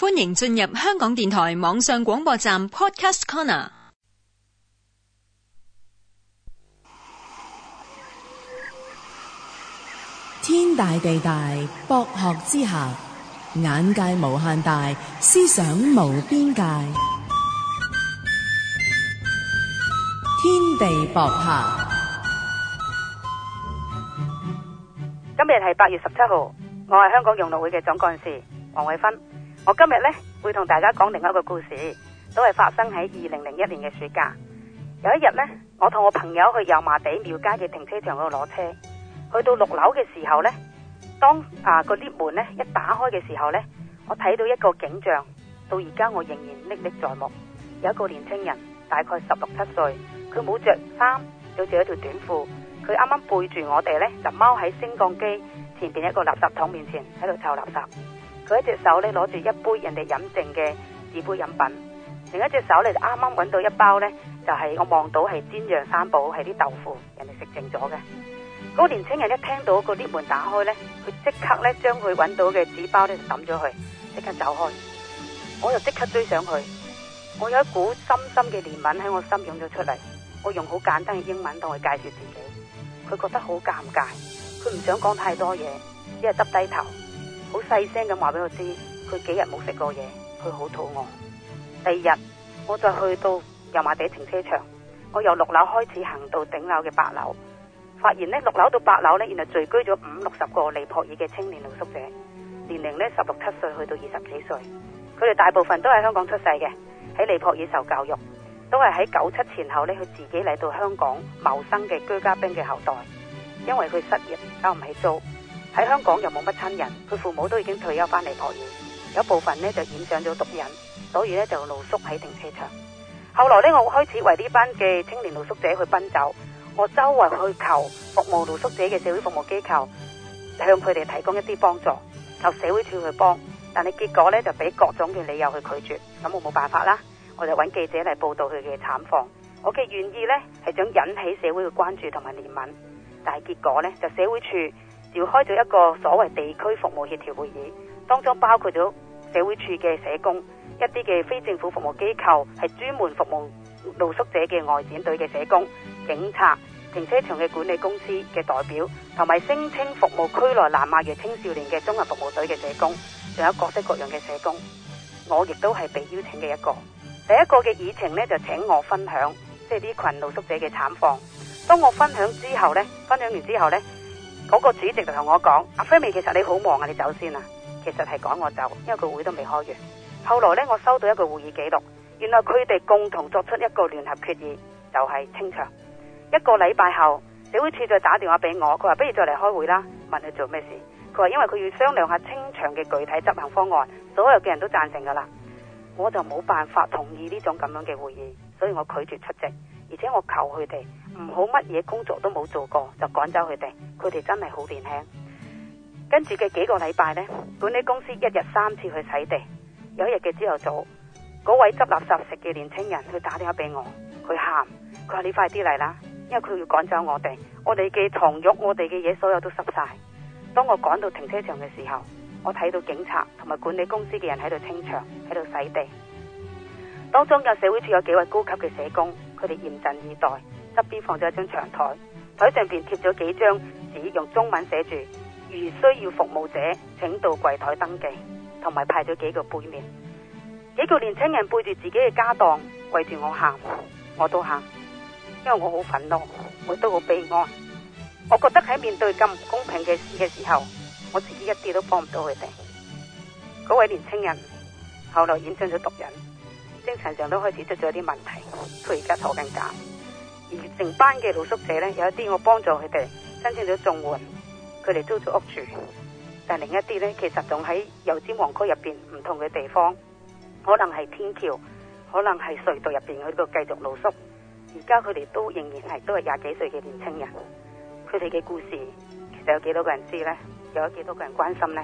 歡迎進入香港電台網上廣播站 Podcast Corner。天大地大，博學之下，眼界無限大，思想無邊界。天地博客。今日係八月十七號，我係香港融樂會嘅總幹事王惠芬。我今日呢，會同大家講另一個故事，都係發生喺二零零一年嘅暑假。有一日呢，我同我朋友去油麻地廟街嘅停車場嗰度攞車，去到六樓嘅時候呢，當啊嗰啲，那個，門呢一打開嘅時候呢，我睇到一個景象，到而家我仍然歷歷在目。有一個年青人，大概十六七歲，佢冇着衫，就着一條短褲，佢啱啱背住我哋呢，就踎喺升降機前邊一個垃圾桶面前喺度湊垃圾。佢一隻手咧攞住一杯人哋飲剩嘅紙杯飲品，另一隻手咧就啱啱搵到一包咧，就係、是、我望到係煎釀三寶，係啲豆腐，人哋食剩咗嘅。嗰、那個、年青人一聽到嗰啲門打開咧，佢即刻咧將佢搵到嘅紙包咧抌咗去，即刻走開。我又即刻追上去，我有一股深深嘅憐憫喺我心湧咗出嚟。我用好簡單嘅英文同佢介紹自己，佢覺得好尷尬，佢唔想講太多嘢，只係耷低頭。好細聲咁話俾我知，佢幾日冇食過嘢，佢好肚餓。第二日我就去到油麻地停車場，我由六樓開始行到頂樓嘅八樓，發現呢，六樓到八樓呢，原來聚居咗五六十個尼泊爾嘅青年露宿者，年齡呢，十六七歲去到二十幾歲，佢哋大部分都係香港出世嘅，喺尼泊爾受教育，都係喺九七前後呢，佢自己嚟到香港謀生嘅居家兵嘅後代，因為佢失業交唔起租。喺香港又冇乜親人，佢父母都已經退休返嚟學業，有部分呢，就染上咗毒癮，所以咧就露宿喺停車場。後來呢，我開始為呢班嘅青年露宿者去奔走，我周圍去求服務露宿者嘅社會服務機構，向佢哋提供一啲幫助，求社會署去幫。但係結果呢，就俾各種嘅理由去拒絕，咁我冇辦法啦，我就揾記者嚟報道佢嘅慘況。我嘅原意呢，係想引起社會嘅關注同埋憐憫，但係結果呢，就社會署。召開咗一個所謂地區服務協調會議，當中包括咗社會署嘅社工，一啲嘅非政府服務機構係專門服務露宿者嘅外展隊嘅社工、警察、停車場嘅管理公司嘅代表，同埋聲稱服務區內南亞嘅青少年嘅綜合服務隊嘅社工，仲有各式各樣嘅社工。我亦都係被邀請嘅一個。第一個嘅議程呢，就請我分享，即係呢群露宿者嘅慘況。當我分享之後呢，分享完之後呢。嗰、那個主席就同我講：阿菲美，其實你好忙啊，你先走先、啊、啦。其實係趕我走，因為佢會都未開完。後來呢，我收到一個會議記錄，原來佢哋共同作出一個聯合決議，就係、是、清場。一個禮拜後，社會處再打電話俾我，佢話不如再嚟開會啦，問佢做咩事。佢話因為佢要商量下清場嘅具體執行方案，所有嘅人都贊成噶啦，我就冇辦法同意呢種咁樣嘅會議，所以我拒絕出席。而且我求佢哋唔好乜嘢工作都冇做過就趕走佢哋，佢哋真係好年輕。跟住嘅幾個禮拜咧，管理公司一日三次去洗地。有一日嘅朝頭早，嗰位執垃圾食嘅年青人，佢打電話俾我，佢喊，佢話你快啲嚟啦，因為佢要趕走我哋，我哋嘅床褥，我哋嘅嘢，所有都濕晒。當我趕到停車場嘅時候，我睇到警察同埋管理公司嘅人喺度清場，喺度洗地。當中有社會處有幾位高級嘅社工。佢哋嚴陣以待，側邊放咗一張長台，台上邊貼咗幾張紙，用中文寫住如需要服務者，請到櫃台登記，同埋派咗幾個杯麵。幾個年青人背住自己嘅家當圍住我喊，我都喊，因為我好憤怒，我都好悲哀。我覺得喺面對咁唔公平嘅事嘅時候，我自己一啲都幫唔到佢哋。嗰位年青人後來染上咗毒癮。精神上都開始出咗啲問題，佢而家坐緊監，而成班嘅露宿者呢，有一啲我幫助佢哋申請咗綜援，佢哋租咗屋住，但另一啲呢，其實仲喺油尖旺區入邊唔同嘅地方，可能係天橋，可能係隧道入邊去度繼續露宿，而家佢哋都仍然係都係廿幾歲嘅年青人，佢哋嘅故事其實有幾多個人知呢？有幾多個人關心呢？